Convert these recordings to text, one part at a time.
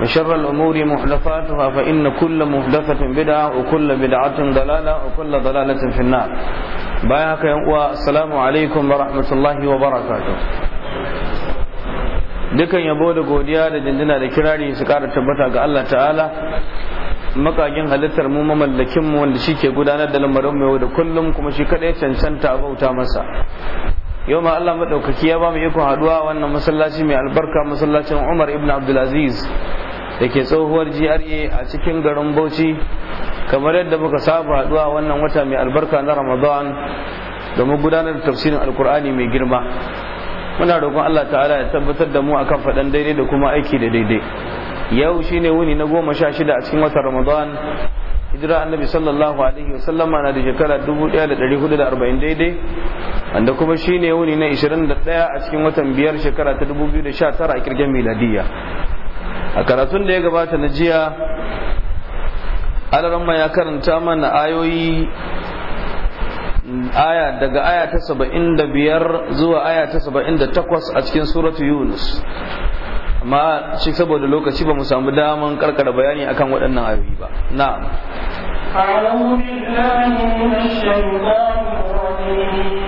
وشر الأمور محدثاتها فإن كل محدثة بدعة وكل بدعة ضلالة وكل ضلالة في النار بايعك والسلام عليكم ورحمة الله وبركاته dukan yabo da godiya da jinjina da kirari su kara tabbata ga Allah ta'ala makagin halittar mu mamallakin mu wanda shike gudanar da lamarin mu da kullum kuma shi kadai cancanta bauta masa yau ma Allah madaukaki ya ba mu iko haduwa wannan masallaci mai albarka masallacin Umar ibn Abdulaziz da ke tsohuwar GRA a cikin garin Bauchi kamar yadda muka saba haɗuwa wannan wata mai albarka na Ramadan mu gudanar da tafsirin Alkur'ani mai girma muna roƙon Allah ta'ala ya tabbatar da mu akan faɗan daidai da kuma aiki da daidai yau shine wuni na goma sha shida a cikin watan Ramadan hijira annabi sallallahu alaihi wasallam na da shekara 1440 daidai wanda kuma shine wuni na 21 a cikin watan biyar shekara ta 2019 a kirgin miladiyya a karatun da ya gabata na jiya alaramma ya karanta mana ayoyi aya daga aya ta saba'in da biyar zuwa aya ta saba'in da takwas a cikin suratu yunus amma shi saboda lokaci ba mu samu daman karkara bayani akan waɗannan ayoyi ba na'am أعوذ بالله من الشيطان الرجيم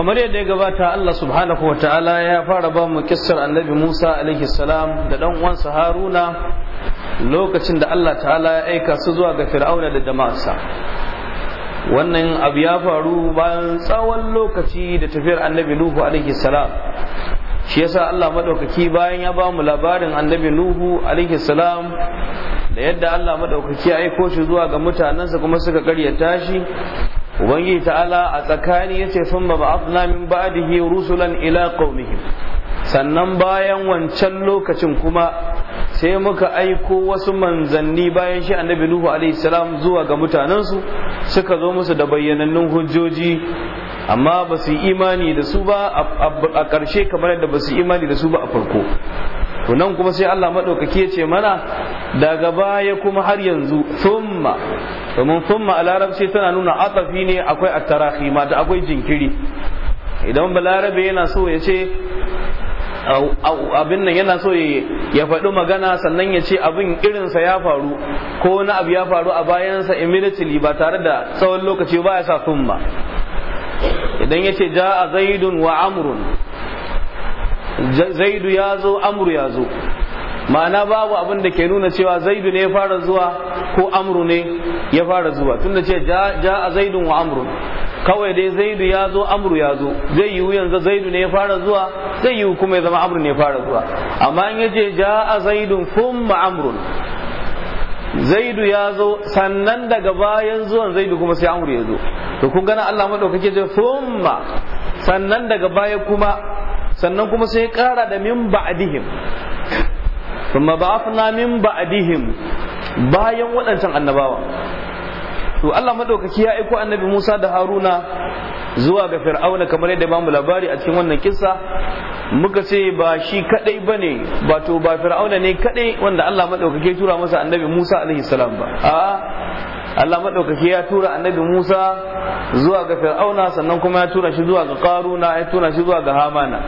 kamar yadda ya gabata Allah subhanahu wa ta'ala ya fara ba mu kissar annabi Musa alaihi salam da dan uwansa Haruna lokacin da Allah ta'ala ya aika su zuwa ga Fir'auna da jama'arsa wannan abu ya faru bayan tsawon lokaci da tafiyar annabi Nuhu alaihi salam shi yasa Allah madaukaki bayan ya ba mu labarin annabi Nuhu alaihi salam da yadda Allah madaukaki ya aiko shi zuwa ga mutanensa kuma suka karyata shi ubangiji ta'ala a tsakani yace thumma ba'athna min ba'dihi rusulan ila qaumihim sannan bayan wancan lokacin kuma sai muka aiko wasu manzanni bayan shi annabi Nuhu alaihi salam zuwa ga mutanensu suka zo musu da bayyanannun hujjoji amma ba su imani da su ba a karshe kamar da ba su imani da su ba a farko to nan kuma sai Allah maɗaukaki ya ce mana daga baya kuma har yanzu thumma domin thumma a larabci tana nuna atafi ne akwai attarahi ma da akwai jinkiri idan balarabe yana so ya ce abin nan yana so ya faɗi magana sannan ya ce abin irin sa ya faru ko wani abu ya faru a bayansa immediately ba tare da tsawon lokaci ba ya sa thumma idan ya ce a zaidun wa amrun zaidu ya zo amru ya zo ma'ana babu abin da ke nuna cewa zaidu ne ya fara zuwa ko amru ne ya fara zuwa tunda ce ja a zaidun wa amru kawai dai zaidu ya zo amru ya zo zai yiwu yanzu zaidu ne ya fara zuwa zai yiwu kuma ya zama amru ne ya fara zuwa amma in ce ja a zaidun kuma amru zaidu ya zo sannan daga bayan zuwan zaidu kuma sai amru ya zo to kun gana Allah madaukake ce kuma sannan daga baya kuma sannan kuma sai kara da min ba'dihim kuma ba'athna min ba'dihim bayan waɗancan annabawa to Allah madaukaki ya aiko annabi Musa da Haruna zuwa ga Fir'auna kamar yadda bamu labari a cikin wannan kissa muka ce ba shi kadai bane ba to ba Fir'auna ne kadai wanda Allah madaukaki ya tura masa annabi Musa alaihi salam ba a Allah maɗaukaki ya tura annabi Musa zuwa ga Fir'auna sannan kuma ya tura shi zuwa ga Qaruna ya tura shi zuwa ga Hamana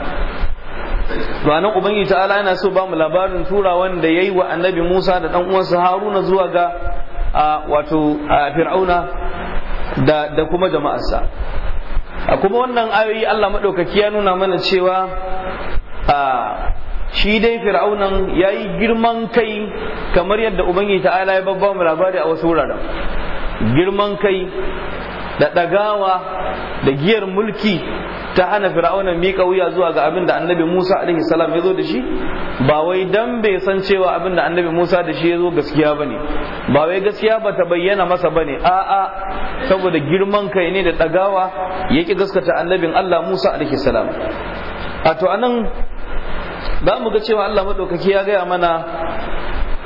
ranar ubangiji ta'ala yana so ba mu labarin tura wanda yayi wa annabi Musa da dan uwansa Haruna zuwa ga wato Fir'auna da da kuma jama'arsa kuma wannan ayoyi Allah maɗaukaki ya nuna mana cewa shi dai fir'aunan ya yi girman kai kamar yadda ubangiji ta'ala ya babba mu labari a wasu wuraren girman kai da ɗagawa da giyar mulki ta hana fir'aunan miƙa wuya zuwa ga abin da annabi musa alaihi salam ya zo da shi ba wai dan bai san cewa abin da annabi musa da shi ya zo gaskiya ba ne ba wai gaskiya ba ta bayyana masa ba ne a'a saboda girman kai ne da ɗagawa ya ƙi gaskata annabin allah musa alaihi salam a to anan za mu ga cewa Allah maɗaukaki ya gaya mana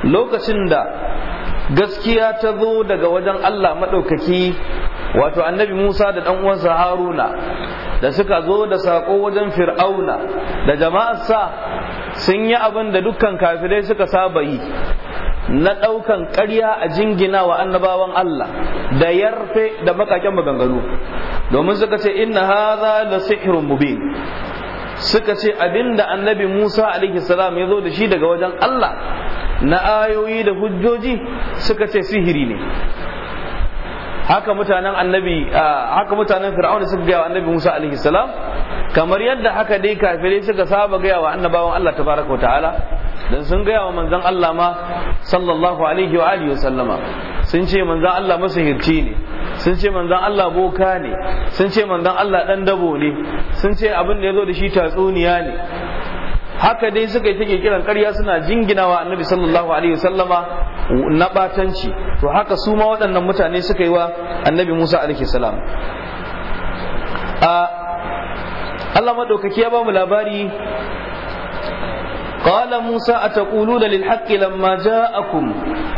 lokacin da gaskiya ta zo daga wajen Allah maɗaukaki wato annabi Musa da ɗan uwansa Haruna da suka zo da sako wajen Fir'auna da sa sun yi abin da dukkan kafirai suka saba yi na ɗaukan ƙarya a jingina wa annabawan Allah da yarfe da makaƙen maganganu domin suka ce inna hadha la sihrun mubin suka ce abinda annabi Musa alaihi salam ya zo da shi daga wajen Allah na ayoyi da hujjoji suka ce sihiri ne haka mutanen annabi haka mutanen fir'aun suka gaya wa annabi Musa alaihi salam kamar yadda haka dai kafirai suka saba gaya wa annabawan Allah tabaraka wa ta'ala dan sun gaya wa manzon Allah ma sallallahu alaihi wa alihi wa sallama sun ce manzon Allah masahirci ne sun ce manzon Allah boka ne sun ce manzan Allah ɗan dabo ne sun ce abin da ya zo da shi tatsuniya ne haka dai suka yi take kiran karya suna jinginawa annabi sallallahu alaihi wasallama na ɓatanci. to haka su ma waɗannan mutane suka yi wa annabi Musa alaihi salam a Allah maɗaukaki ya ba mu labari qala musa ataquluna lil haqqi lamma ja'akum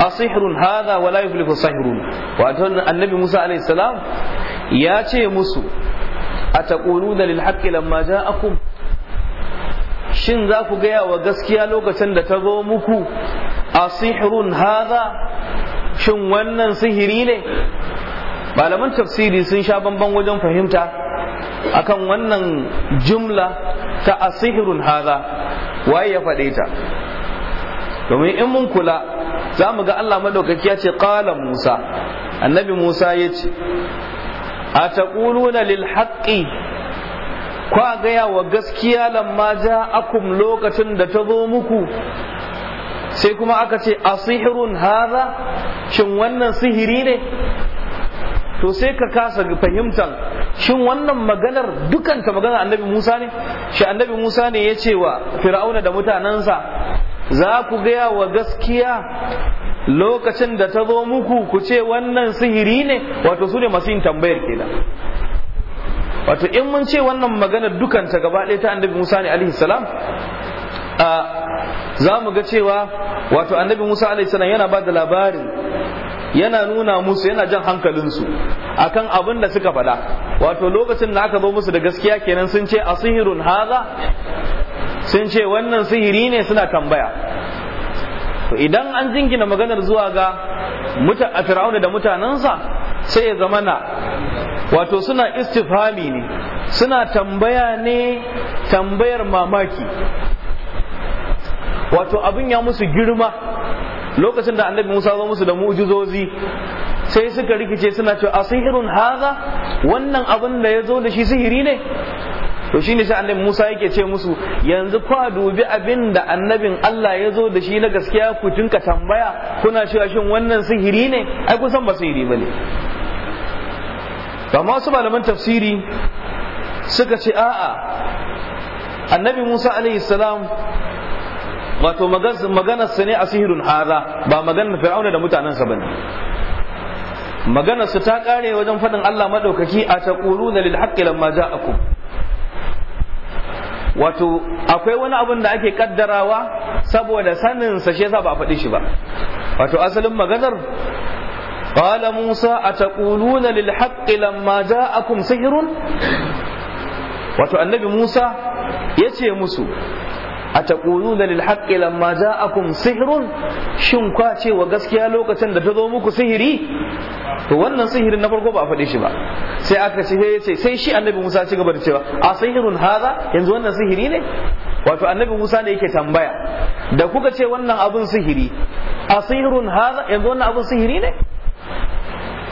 asihrun hadha wa la yuflihu sahirun wato annabi musa alaihi salam ya ce musu ataquluna lil shin za ku gaya wa gaskiya lokacin da ta zo muku a sihirun haza shin wannan sihiri ne malaman tafsiri sun sha bamban wajen fahimta akan wannan jumla ta asihirun haza waye ya faɗe ta domin in mun kula za mu ga Allah madaukaki ya ce qala Musa annabi Musa ya ce a taquluna lil haqqi kwa gaya wa gaskiya lamma akum lokacin da ta zo muku sai kuma aka ce asihirun haza shin wannan sihiri ne to sai ka kasa fahimtar shin wannan maganar dukanta maganar annabi Musa ne shi annabi Musa ne ya ce wa fir'auna da mutanensa za ku gaya wa gaskiya lokacin da ta zo muku ku ce wannan sihiri ne wato su ne masu yin tambayar kenan wato in mun ce wannan maganar dukanta gaba ɗaya ta annabi Musa ne alaihi salam za mu ga cewa wato annabi Musa alaihi salam yana ba da labarin yana nuna musu yana jan hankalinsu akan abin da suka faɗa wato lokacin da aka zo musu da gaskiya kenan sun ce a sihirun haza sun ce wannan sihiri ne suna tambaya idan an jingina maganar zuwa ga a fir'auna da mutanensa sai ya zama na wato suna istifhami ne suna tambaya ne tambayar mamaki wato abin ya musu girma lokacin da annabi Musa zo musu da mu'jizozi sai suka rikice suna cewa asihirun haza wannan abin da ya zo da shi sihiri ne to shine sai annabi Musa yake ce musu yanzu kwa dubi abin da annabin Allah ya zo da shi na gaskiya ku tinka tambaya kuna cewa shin wannan sihiri ne ai kun san ba sihiri bane amma su malaman tafsiri suka ce a'a annabi Musa alaihi salam wato maganar sa ne a sihirun haza ba maganar fir'auna da mutanensa ne maganar su ta kare wajen faɗin Allah madaukaki a taquluna lil haqqi lamma ja ja'akum wato akwai wani abin da ake kaddarawa saboda sanin sa shi yasa ba a faɗi shi ba wato asalin maganar qala musa a ataquluna lil haqqi lamma ja ja'akum sihirun wato annabi musa ya ce musu a taquluna lil ma za a kun sihirun kwa ce wa gaskiya lokacin da ta zo muku sihiri to wannan sihirin na farko ba a faɗi shi ba sai aka ce sai sai shi annabi Musa ci gaba da cewa a sihirun haza yanzu wannan sihiri ne wato annabi Musa ne yake tambaya da kuka ce wannan abun sihiri a sihirun haza yanzu wannan abun sihiri ne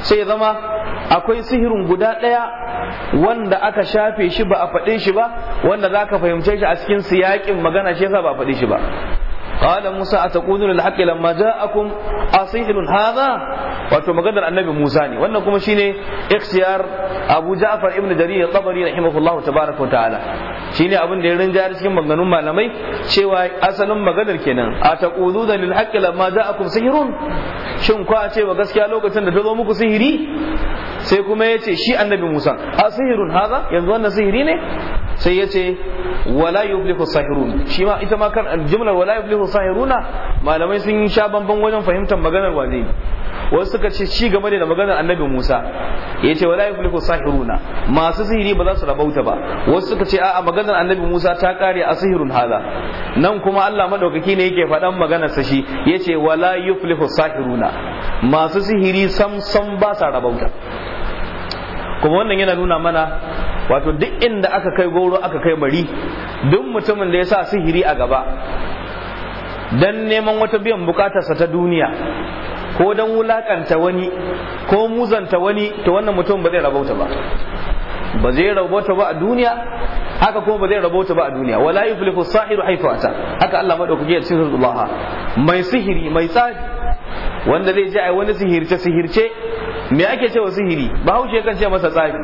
sai zama akwai sihirin guda ɗaya wanda aka shafe shi ba a faɗe shi ba wanda za ka fahimce shi a cikin siyaƙin magana shi yasa ba a faɗe shi ba qala musa ataquluna lil haqqi lamma ja'akum asihrun wato maganar annabi musa ne wannan kuma shine ikhtiyar abu ja'far ibn jarir tabari rahimahullahu tabaraka wa ta'ala shine abin da ya rinja cikin maganganun malamai cewa asalin maganar kenan ataquluna lil haqqi lamma ja'akum sihirun? shin kwa ce wa gaskiya lokacin da ta zo muku sihiri sai kuma yace shi annabi musa asihirun hadha yanzu wannan sihiri ne sai ya ce wala yuflihu sahirun shi ma ita ma kan aljumla wala yuflihu sahiruna malamai sun sha bamban wajen fahimtar maganar wane wasu suka ce shi game da maganar annabi Musa ya ce wala yuflihu sahiruna masu sihiri ba za su rabauta ba wasu suka ce a'a maganar annabi Musa ta kare a sihirun haza nan kuma Allah madaukaki ne yake faɗan maganar sa shi ya ce wala yuflihu sahiruna masu sihiri sam sam ba sa rabauta kuma wannan yana nuna mana wato duk inda aka kai goro aka kai bari duk mutumin da ya sa sihiri a gaba don neman wata biyan bukatarsa ta duniya ko don wulakanta wani ko muzanta wani to wannan mutum ba zai rabauta ba ba zai rabauta ba a duniya haka kuma ba zai rabauta ba a duniya wala yuflihu sahiru haifu ata haka Allah madaukaki ya cikin Allah mai sihiri mai tsari wanda zai je ai wani sihirce sihirce me ake cewa sihiri bahaushe kan ce masa tsafi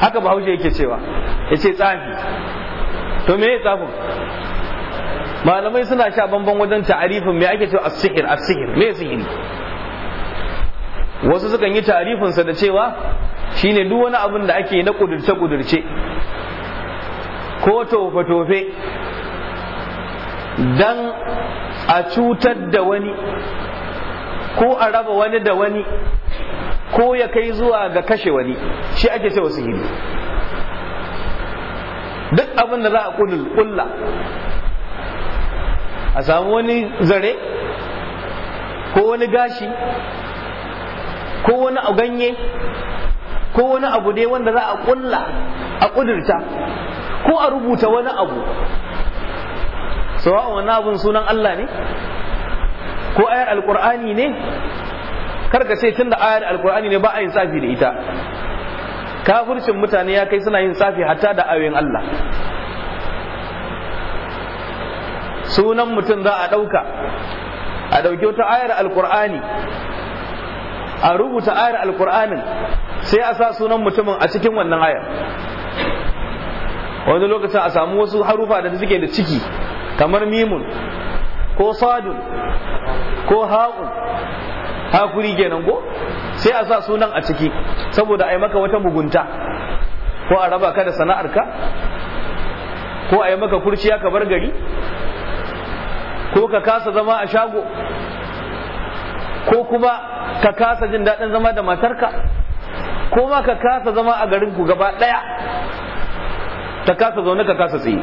haka bahaushe yake cewa ya ce tsafi to me ya tsafin malamai suna sha bamban wajen ta'arifin me ake cewa a sihir as-sihir me sihiri wasu sukan yi ta'arifinsa da cewa shine duk wani abin da ake na kudurce kudurce ko tofe tofe dan a cutar da wani ko a raba wani da wani ko ya kai zuwa ga kashe wani shi ake cewa sihiri duk abin da za a kulla a samu wani zare ko wani gashi ko wani ganye ko wani abu dai wanda za a kulla a kudurta ko a rubuta wani abu sawa'un wani abun sunan Allah ne ko ayar alkur'ani ne karka ce tunda ayar alkur'ani ne ba a yin tsafi da ita kafircin mutane ya kai suna yin safi hatta da ayoyin Allah sunan mutum za a ɗauka a ɗauki wata ayar alkur'ani a rubuta ayar alkur'anin sai a sa sunan mutumin a cikin wannan ayar wani lokacin a samu wasu harufa da suke da ciki kamar mimun ko sadun ko ha'un hakuri kenan ko sai a sa sunan a ciki saboda a yi maka wata mugunta ko a raba ka da sana'arka ko a yi maka kurciya ka bar gari ko ka kasa zama a shago ko kuma ka kasa jin daɗin zama da matarka ko ma ka kasa zama a garin ku gaba ɗaya ka kasa zaune ka kasa tsaye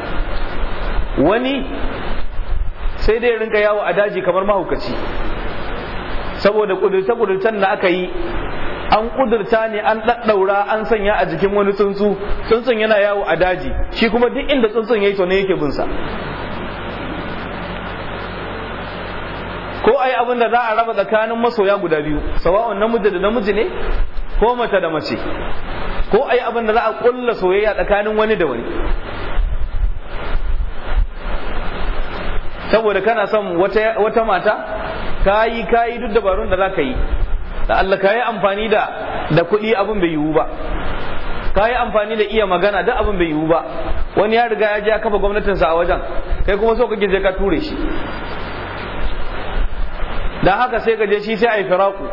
wani sai dai rinka yawo a daji kamar mahaukaci saboda kudurta-kudurtan da aka yi an kudurta ne an ɗaɗɗaura an sanya a jikin wani tsuntsu tsuntsun yana yawo a daji shi kuma duk inda tsuntsun ya to ne yake binsa ko ai abin da za a raba tsakanin masoya guda biyu sawa'un namiji da namiji ne ko mace da mace ko ai abin da za a kulla soyayya tsakanin wani da wani saboda kana son wata mata kayi kayi duk dabarun da zaka yi da Allah ka yi amfani da da kuɗi abin bai yiwu ba Ka yi amfani da iya magana duk abin bai yiwu ba wani ya riga ya je ya kafa gwamnatinsa a wajen kai kuma so kake je ka ture shi da haka sai ka je shi sai a yi firaku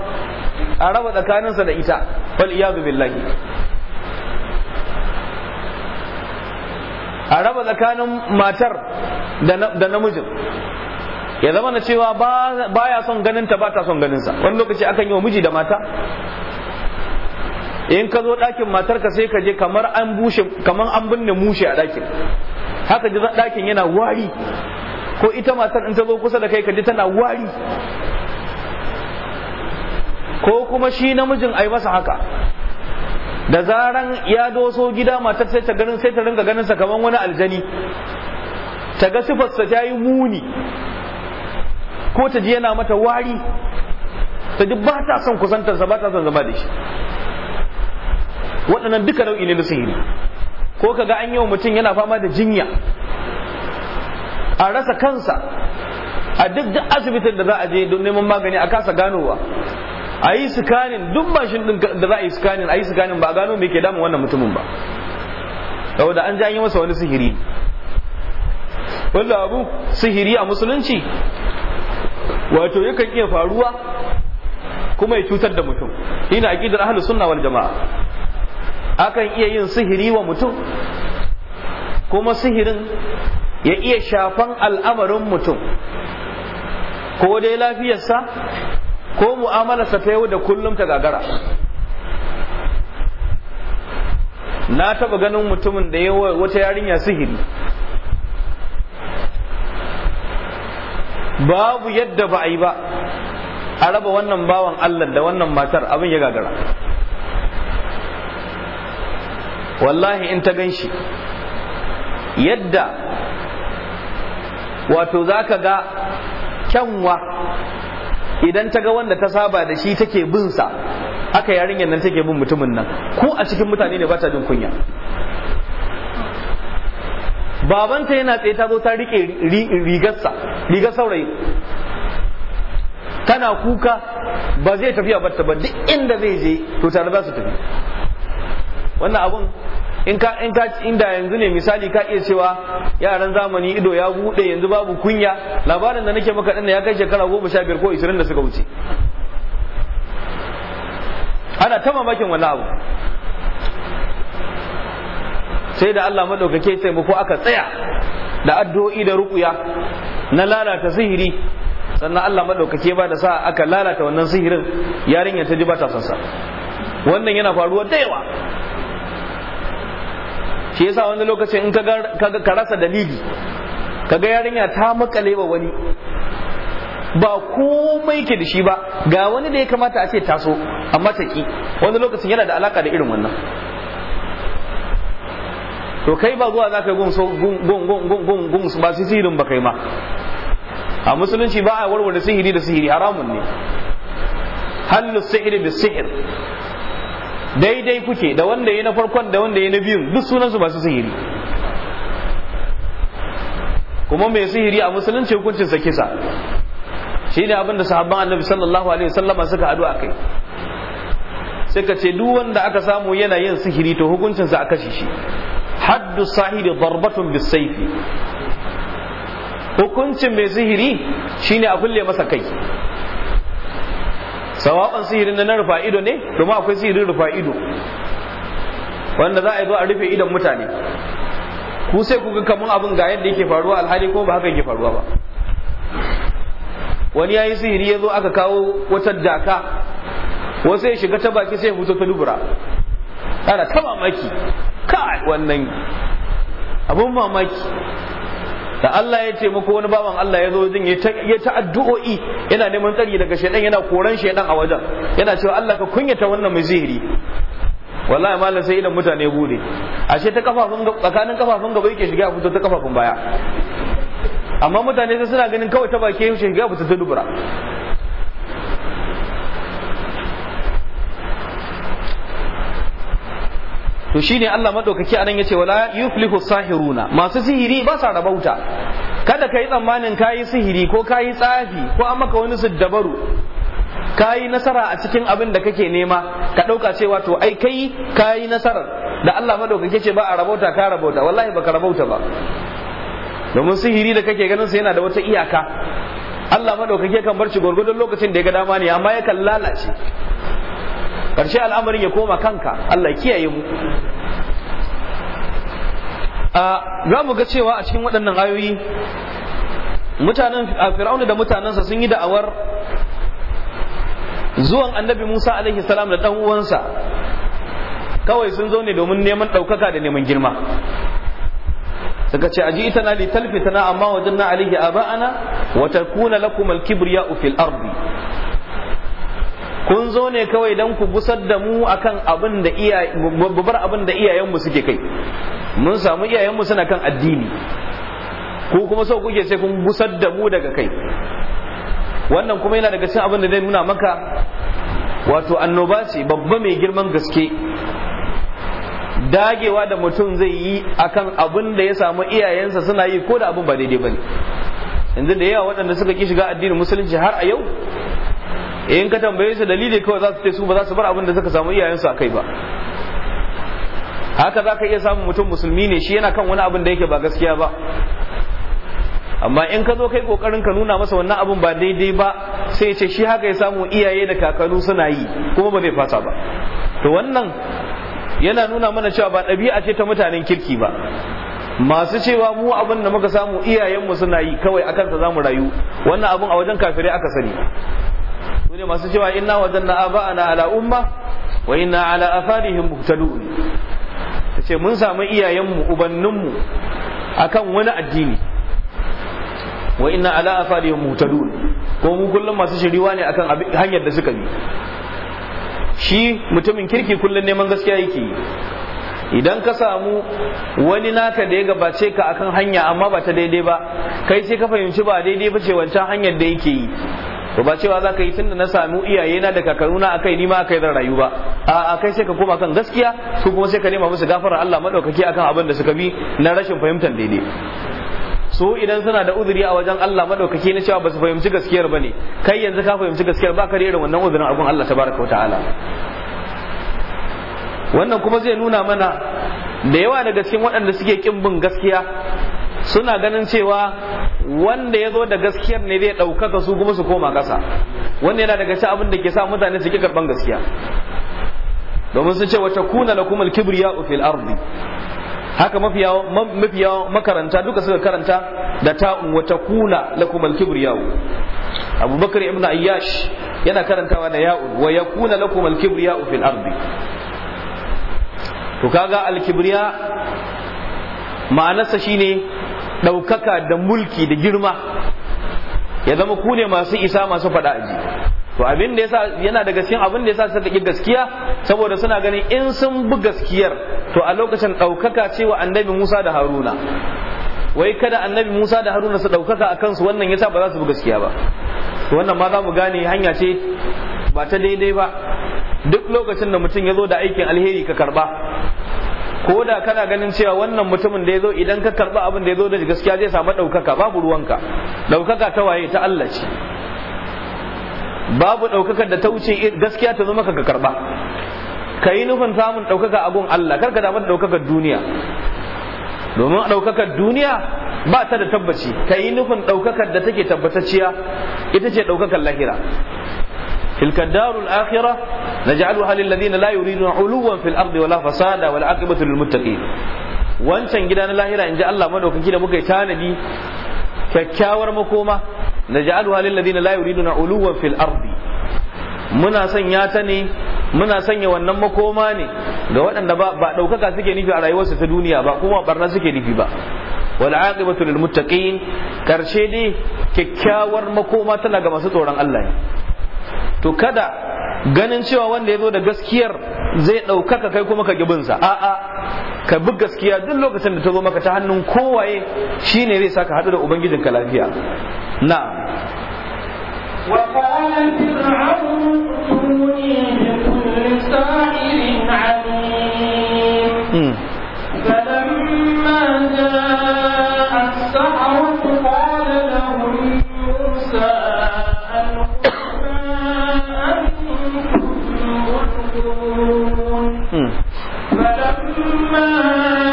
a raba tsakaninsa da ita wal iyadu billahi a raba tsakanin matar da namijin ya zama na cewa baya son ganin ta ba ta son ganin sa wani lokaci akan yi wa miji da mata in ka zo ɗakin matarka sai ka je kamar an bushe kamar an binne mushe a ɗakin haka ji ɗakin yana wari ko ita matar in ta zo kusa da kai ka ji tana wari ko kuma shi namijin ayi masa haka da zaran ya doso gida matar sai ta ganin sai ta rinka ganin sa kaman wani aljani ta ga sa ta yi muni ko ta ji yana mata wari ta ji ba ta son sa ba ta son zama da shi waɗannan duka nau'i ne na sihiri ko kaga ga an yau mutum yana fama da jinya a rasa kansa a duk duk asibitin da za a je don neman magani a kasa ganowa Ayi yi sikanin duk mashin din da za a yi scanning a yi scanning ba a gano me ke damun wannan mutumin ba saboda an janye masa wani sihiri wanda abu sihiri a musulunci wato yakan iya faruwa kuma ya cutar da mutum shine aqidar ahlus sunna wal jamaa akan iya yin sihiri wa mutum kuma sihirin ya iya shafan al'amarin mutum ko dai lafiyarsa ko mu'amalarsa ta yau da kullum ta gagara na taba ganin mutumin da ya wata yarinya sihiri babu yadda ba a yi ba a raba wannan bawan Allah da wannan matar abin ya gagara wallahi in ta gan shi yadda wato za ka ga kyanwa idan ta ga wanda ta saba da shi take bin sa aka yarinyar nan take bin mutumin nan ko a cikin mutane ne ba ta jin kunya babanta yana tsaye ta zo ta rike rigarsa rigar saurayi tana kuka ba zai tafiya ta ba duk inda zai je to tare za su tafi wannan abun in ka inda yanzu ne misali ka iya cewa yaran zamani ido ya bude yanzu babu kunya labarin da nake maka dinnan ya kai shekara goma sha biyar ko ishirin da suka wuce ana ta mamakin wani abu sai da Allah madaukake taimako aka tsaya da addu'o'i da rukuya na lalata sihiri sannan Allah maɗaukake ba da sa aka lalata wannan sihirin yarinyar ta ji ba ta sansa wannan yana faruwa da yawa shi yasa wani lokacin in ka ka rasa dalili kaga yarinya ta makale wa wani ba komai ke da shi ba ga wani da ya kamata a ce taso amma ta ki wani lokacin yana da alaka da irin wannan to kai ba zuwa za ka gun ba su sihirin ba kai ma a musulunci ba a warware sihiri da sihiri haramun ne hallu sihiri da sihir daidai kuke da wanda ya na farkon da wanda ya na biyun duk sunansu masu sihiri kuma mai sihiri a musulunci hukuncinsa kisa shi ne abinda sahabban annabi sallallahu alaihi wasallama suka hadu a kai suka ce duk wanda aka samu yana yin sihiri to hukuncin a kashe shi haddu sahiri darbatun bisaifi hukuncin mai sihiri shine a kulle masa kai sawaban sihirin na rufa ido ne domin akwai sihirin rufa ido wanda za a zo a rufe idon mutane ku sai ku ga kamun abin ga yadda yake faruwa alhali ko ba haka yake faruwa ba wani ya yi sihiri ya zo aka kawo wata daka wasu ya shiga ta baki sai ya fito ta dubura ana ta mamaki kai wannan abun mamaki da Allah ya ce muku wani bawan Allah ya zo jin ya ta addu'o'i yana neman tsari daga shaidan yana koran shaidan a wajen yana cewa Allah ka kunyata wannan mai zihiri wallahi malam sai idan mutane bude ashe ta kafafun tsakanin kafafun gaba yake shiga fito ta kafafun baya amma mutane sai suna ganin kawai ta baki shiga fito ta dubura to shine Allah madaukaki anan yace wala yuflihu sahiruna masu sihiri ba sa rabauta kada kai tsammanin kayi sihiri ko kayi tsafi ko an maka wani siddabaru kai nasara a cikin abin da kake nema ka dauka cewa to ai kai kai nasarar da Allah madaukaki ce ba a rabauta ka rabauta wallahi baka rabauta ba domin sihiri da kake ganin sa yana da wata iyaka Allah madaukake kan bar shi gwargwadon lokacin da ya ga dama ne amma yakan lalace karshe al'amarin ya koma kanka Allah kiyaye mu za mu ga cewa a cikin waɗannan ayoyi mutanen fir'auna da mutanensa sun yi da'awar zuwan annabi musa alaihi salam da ɗan uwansa kawai sun zo ne domin neman ɗaukaka da neman girma suka ce aji ita na litalfitana amma wajen na alaihi a ba'ana takuna lakum lakumal kibriya fil ardi kun zo ne kawai don ku gusar da mu akan abin da iya babbar abin da iyayenmu suke kai mun samu iyayenmu suna kan addini ko kuma so kuke sai kun gusar da mu daga kai wannan kuma yana daga cikin abin da zai nuna maka wato annoba ce babba mai girman gaske dagewa da mutum zai yi akan abin da ya samu iyayensa suna yi ko da abin ba daidai ba ne. yanzu da yawa waɗanda suka ki shiga addinin musulunci har a yau in ka tambaye su dalili kawai za su ce su ba za su bar abin da suka samu iyayensu a kai ba haka za ka iya samun mutum musulmi ne shi yana kan wani abin da yake ba gaskiya ba amma in ka zo kai kokarin ka nuna masa wannan abin ba daidai ba sai ce shi haka ya samu iyaye da kakannu suna yi kuma ba zai fasa ba to wannan yana nuna mana cewa ba ɗabi'a ce ta mutanen kirki ba masu cewa mu abin da muka samu iyayenmu suna yi kawai akan za mu rayu wannan abin a wajen kafirai aka sani ne masu cewa inna wajanna aba'ana ala umma wa inna ala afarihim muhtadun tace mun samu iyayenmu ubanninmu akan wani addini wa inna ala afarihim muhtadun ko mu kullum masu shiriwa ne akan hanyar da suka bi shi mutumin kirki kullum neman gaskiya yake yi idan ka samu wani naka da ya gabace ka akan hanya amma ba ta daidai ba kai sai ka fahimci ba daidai ba ce wancan hanyar da yake yi to ba cewa za ka yi tunda na samu iyaye na da kakaruna akai ni ma akai zan rayu ba a kai sai ka koma kan gaskiya su kuma sai ka nema musu gafara Allah madaukaki akan abin da suka bi na rashin fahimtar daidai su idan suna da uzuri a wajen Allah madaukaki na cewa ba su fahimci gaskiyar ba ne kai yanzu ka fahimci gaskiyar ba ka da irin wannan uzurin abun Allah tabaraka ta'ala wannan kuma zai nuna mana da yawa daga cikin waɗanda suke kin bin gaskiya suna ganin cewa wanda ya zo da gaskiyar ne zai ɗaukaka su kuma su koma ƙasa wanda yana daga cikin abin da ke sa mutane su ki karɓan gaskiya domin sun ce wata kuna lakum al-kibriya ufil ardi haka mafiya makaranta duka suka karanta da ta'un wata kuna lakum al-kibriya abubakar ibn ayyash yana karantawa da ya'un wa yakuna lakum al-kibriya ufil ardi to kaga al-kibriya ma'anarsa shine ɗaukaka da mulki da girma ya zama ku ne masu isa masu faɗa aji to abin da yasa yana daga cikin abin da yasa suka ki gaskiya saboda suna ganin in sun bi gaskiyar to a lokacin ɗaukaka cewa annabi Musa da Haruna wai kada annabi Musa da Haruna su ɗaukaka a kansu wannan yasa ba za su bi gaskiya ba to wannan ma za mu gane hanya ce ba ta daidai ba duk lokacin da mutum ya zo da aikin alheri ka karba ko da kana ganin cewa wannan mutumin da ya zo idan ka karba abin da ya zo da gaskiya zai samu ɗaukaka babu ruwanka ɗaukaka ta waye ta Allah ce babu ɗaukaka da ta wuce gaskiya ta zo maka ka karba ka yi nufin samun ɗaukaka a gun Allah kar ka damu da ɗaukakar duniya domin ɗaukakar duniya ba ta da tabbaci ka yi nufin ɗaukakar da take tabbatacciya ita ce ɗaukakar lahira تلك الدار الآخرة نجعلها للذين لا يريدون علوا في الأرض ولا فسادا ولا للمتقين wancan gida na lahira in ji Allah madaukaki da muka yi tanadi kyakkyawar makoma na ladina la uluwan fil ardi muna sanya ta ne muna sanya wannan makoma ne ga waɗanda ba ba ɗaukaka suke nufi a rayuwarsu ta duniya ba kuma barna suke nufi ba wal aqibatu lil muttaqin karshe dai kyakkyawar makoma tana ga masu tsoron Allah ne to kada ganin cewa wanda ya zo da gaskiyar zai ka kai kuma ka gibinsa a'a ka bi gaskiya duk lokacin da ta zo maka ta hannun kowaye shine zai saka haɗu da ubangijin ka lafiya na. وقال يعلمون فلما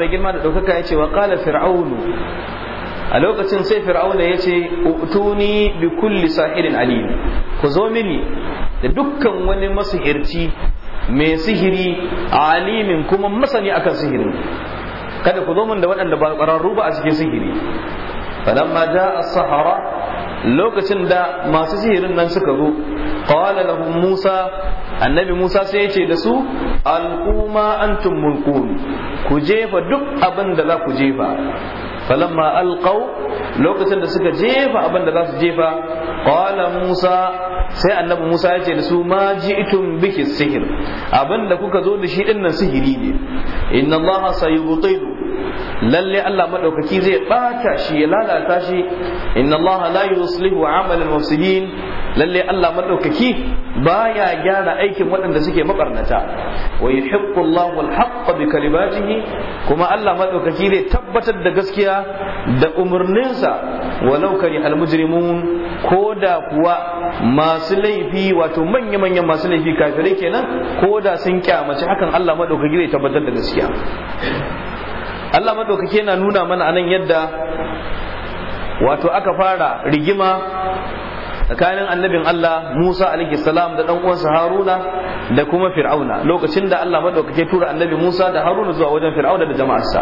mai girma da ɗaukaka ya ce wa qala fir'aunu a lokacin sai fir'auna ya ce utuni bi kulli sahirin alim ku zo mini da dukkan wani masihirci mai sihiri alimin kuma masani akan sihirin kada ku zo min da waɗanda ba ƙwararru ba a cikin sihiri falamma a sahara lokacin da masu sihirin nan suka zo qala lahum musa annabi Musa sai ya ce da su alquma antum mulkun ku jefa duk abin da za ku jefa falamma alqau lokacin da suka jefa abin da za su jefa qala Musa sai annabi Musa ya ce da su ma ji'tum bihi sihir abin da kuka zo da shi dinnan sihiri ne inna Allah sayubtilu lalle Allah madaukaki zai bata shi ya lalata shi inna Allah la yuslihu amalan mufsidin lalle Allah madaukaki baya gyara aikin waɗanda suke mabarnata wa yuhibbu Allahu al-haqq bi kalimatihi kuma Allah madaukaki zai tabbatar da gaskiya da umurninsa walau kari al-mujrimun koda kuwa masu laifi wato manya manyan masu laifi kafirai kenan koda sun kyamaci hakan Allah madaukaki zai tabbatar da gaskiya Allah madaukaki yana nuna mana anan yadda wato aka fara rigima tsakanin annabin Allah Musa alaihi salam da dan uwansa Haruna da kuma Fir'auna lokacin da Allah madaukake tura annabi Musa da Haruna zuwa wajen Fir'auna da jama'arsa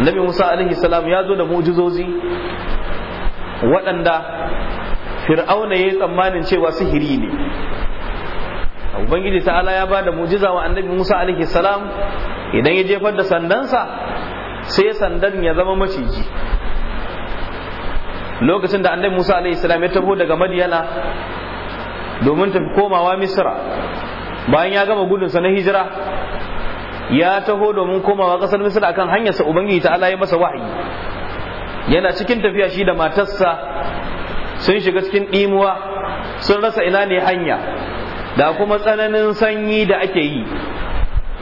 annabi Musa alaihi salam ya zo da mu'jizozi waɗanda Fir'auna ya yi tsammanin cewa sihiri ne Ubangiji ta'ala ya ba da mu'jiza wa annabi Musa alaihi salam idan ya jefar da sandansa sai sandan ya zama maciji lokacin da annabi Musa alaihi salam ya taho daga Madiyana domin tafi komawa Misra bayan ya gama gudun sa na hijira ya taho domin komawa ƙasar Misra akan hanyarsa Ubangiji ta Allah ya masa wahayi yana cikin tafiya shi da matarsa sun shiga cikin ɗimuwa sun rasa ina ne hanya da kuma tsananin sanyi da ake yi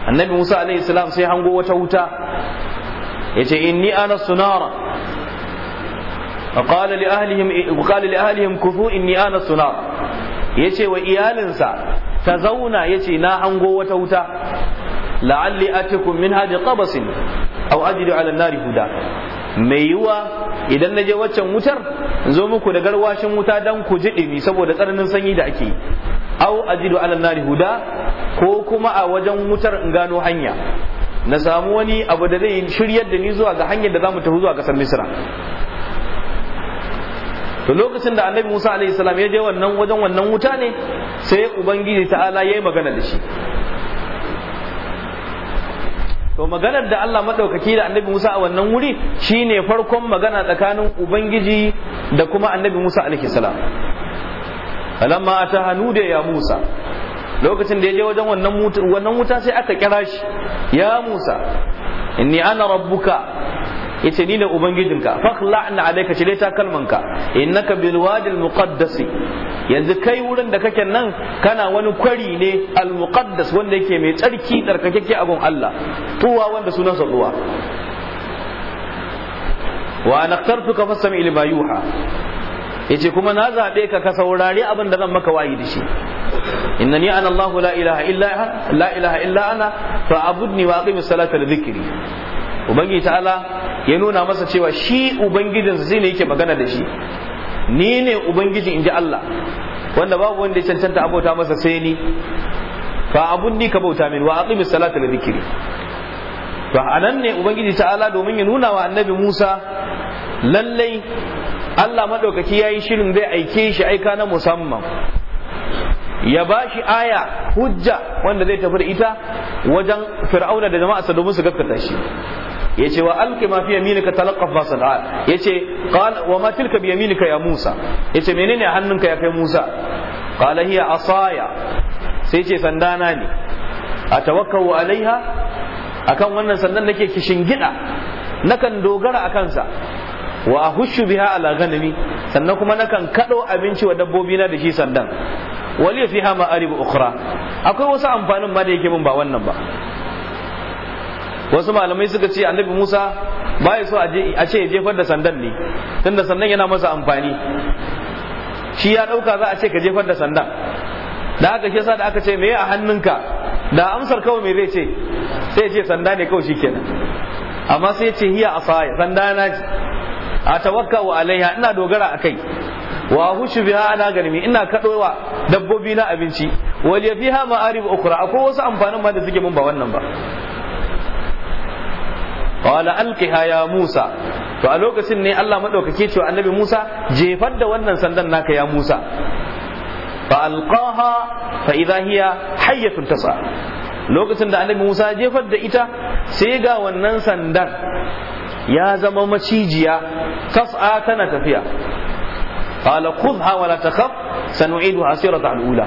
annabi Musa alaihi salam sai hango wata wuta yace inni ana sunara وقال لأهلهم وقال لأهلهم كفوا إني آنست نار yace wa iyalinsa ta zauna yace na ango wata wuta la'alli atikum minha bi qabasin aw ajidu ala mai yiwa idan na je waccan wutar zo muku da garwashin wuta dan ku ji ɗimi saboda tsananin sanyi da ake au ajidu ala nari huda ko kuma a wajen wutar in gano hanya na samu wani abu da zai shiryar da ni zuwa ga hanyar da za mu tafi zuwa ƙasar misra to lokacin da annabi Musa alaihi salam ya je wannan wajen wannan wuta ne sai ubangiji ta'ala yayi magana da shi to maganar da Allah madaukaki da annabi Musa a wannan wuri shine farkon magana tsakanin ubangiji da kuma annabi Musa alaihi salam alamma ata Hanude ya Musa lokacin da ya je wajen wannan wuta sai aka kira shi ya Musa inni ana rabbuka yace ni ne ubangijinka fakhla'na alayka cire ta kalmanka innaka bil wadi al muqaddas yanzu kai wurin da kake nan kana wani kwari ne al muqaddas wanda yake mai tsarki tsarkakeke a gun Allah tuwa wanda sunansa tuwa wa an akhtartuka fastami lima yuha yace kuma na zabe ka ka saurari abin da zan maka wayi da shi innani ana Allah la ilaha illa la ilaha illa ana fa abudni wa aqimi salata li dhikri ubangiji ta'ala ya nuna masa cewa shi ubangijinsa sai ne yake magana da shi ni ne ubangiji in ji Allah wanda babu wanda ya cancanta abota masa sai ni fa abun ni ka bauta min wa aqimi salata li dhikri to anan ne ubangiji ta'ala domin ya nuna wa annabi Musa lallai Allah ya yi shirin zai aike shi aika na musamman ya ba shi aya hujja wanda zai tafi da ita wajen fir'auna da jama'arsa domin su gaskata shi yace wa alqi ma fi yaminika talaqqaf ma san'a yace qal wa ma tilka bi yaminika ya Musa yace menene hannunka ya kai Musa qala hiya asaya sai yace sandana ne atawakkau alaiha akan wannan sandan nake kishingida nakan dogara akan sa wa ahushu biha ala ghanami sannan kuma nakan kado abinci wa dabbobi na da shi sandan wali fiha ma'arib ukhra akwai wasu amfanin ma da yake mun ba wannan ba wasu malamai suka ce annabi Musa ba ya so a ce ya jefar da sandan ne tunda sandan yana masa amfani shi ya ɗauka za a ce ka jefar da sandan da aka shi yasa da aka ce me a hannunka da amsar kawai me zai ce sai ya ce sanda ne kawai shikenan amma sai ya ce hiya asaya sanda na a tawakka wa alaiha ina dogara a kai wa hushu biha ana garmi. ina kadowa dabbobi na abinci wal yafiha ma'arib ukra akwai wasu amfanin ma da suke mun ba wannan ba qala alqiha ya Musa to a lokacin ne Allah madaukake cewa annabi Musa jefar da wannan sandan naka ya Musa fa alqaha fa idha hiya hayyatun tasa lokacin da annabi Musa jefar da ita sai ga wannan sandar ya zama macijiya tas'a tana tafiya qala khudha wa la takhaf sanu'iduha sirata al-ula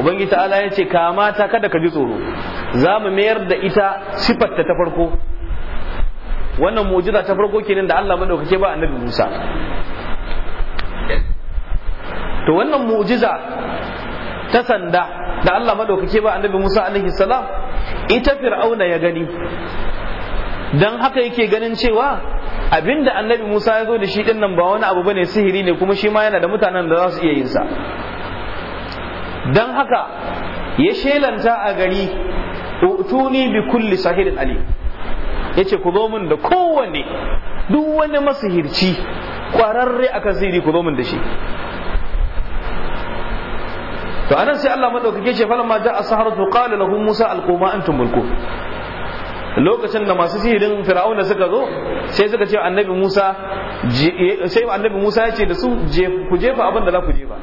ubangi ta'ala yace kama ta kada ka ji tsoro za mu mayar da ita sifar ta farko wannan mu'jiza ta farko kenan da Allah madaukake ba annabi Musa to wannan mu'jiza ta sanda da Allah madaukake ba annabi Musa alaihi salam ita fir'auna ya gani dan haka yake ganin cewa abinda annabi Musa ya zo da shi din nan ba wani abu bane sihiri ne kuma shi ma yana da mutanen da za su iya yin sa dan haka ya shelanta a gari utuni bi kulli sahirin alim yace ku zo min da kowane duk wani masahirci kwararre akan sihiri ku zo min da shi to anan sai Allah madaukake ce falamma ja'a saharatu qala lahum Musa alquma antum mulku lokacin da masu sihirin fir'auna suka zo sai suka ce annabi Musa sai annabi Musa ya ce da su ku jefa abin da za ku jefa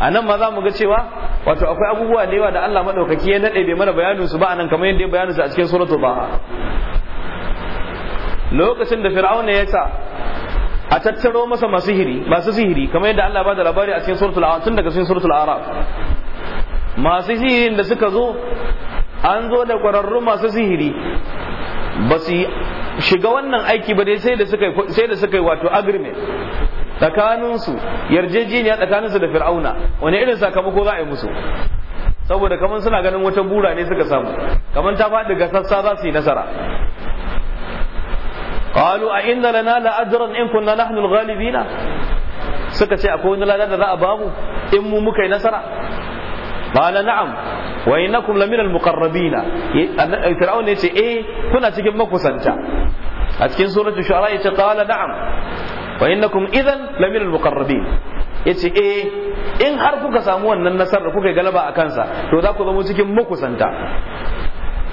a nan ma za mu ga cewa wato akwai abubuwa da yawa da Allah madaukaki ya nade bai mana bayanin su ba anan kamar yadda ya bayanin su a cikin suratul baha lokacin da fir'auna ya sa a tattaro masa masu sihiri masu sihiri kamar yadda Allah ba da labari a cikin suratul a'raf tun daga cikin suratul a'raf masu sihirin da suka zo an zo da kwararru masu sihiri ba su shiga wannan aiki ba dai sai da suka sai da suka yi wato agreement tsakaninsu yarjejeniya tsakaninsu da fir'auna wani irin sakamako za a yi musu saboda kamar suna ganin wata bura ne suka samu kamar ta faɗi ga sassa za su yi nasara qalu a inna lana la ajran in kunna nahnu al-ghalibina suka ce akwai wani ladan da za a bamu in mu muka yi nasara qala na'am wa innakum lamina al-muqarrabina eh, fir'aun yace eh kuna cikin a cikin wa idan yace eh in har kuka samu wannan nasarar kuka galaba a kansa to za ku zama cikin makusanta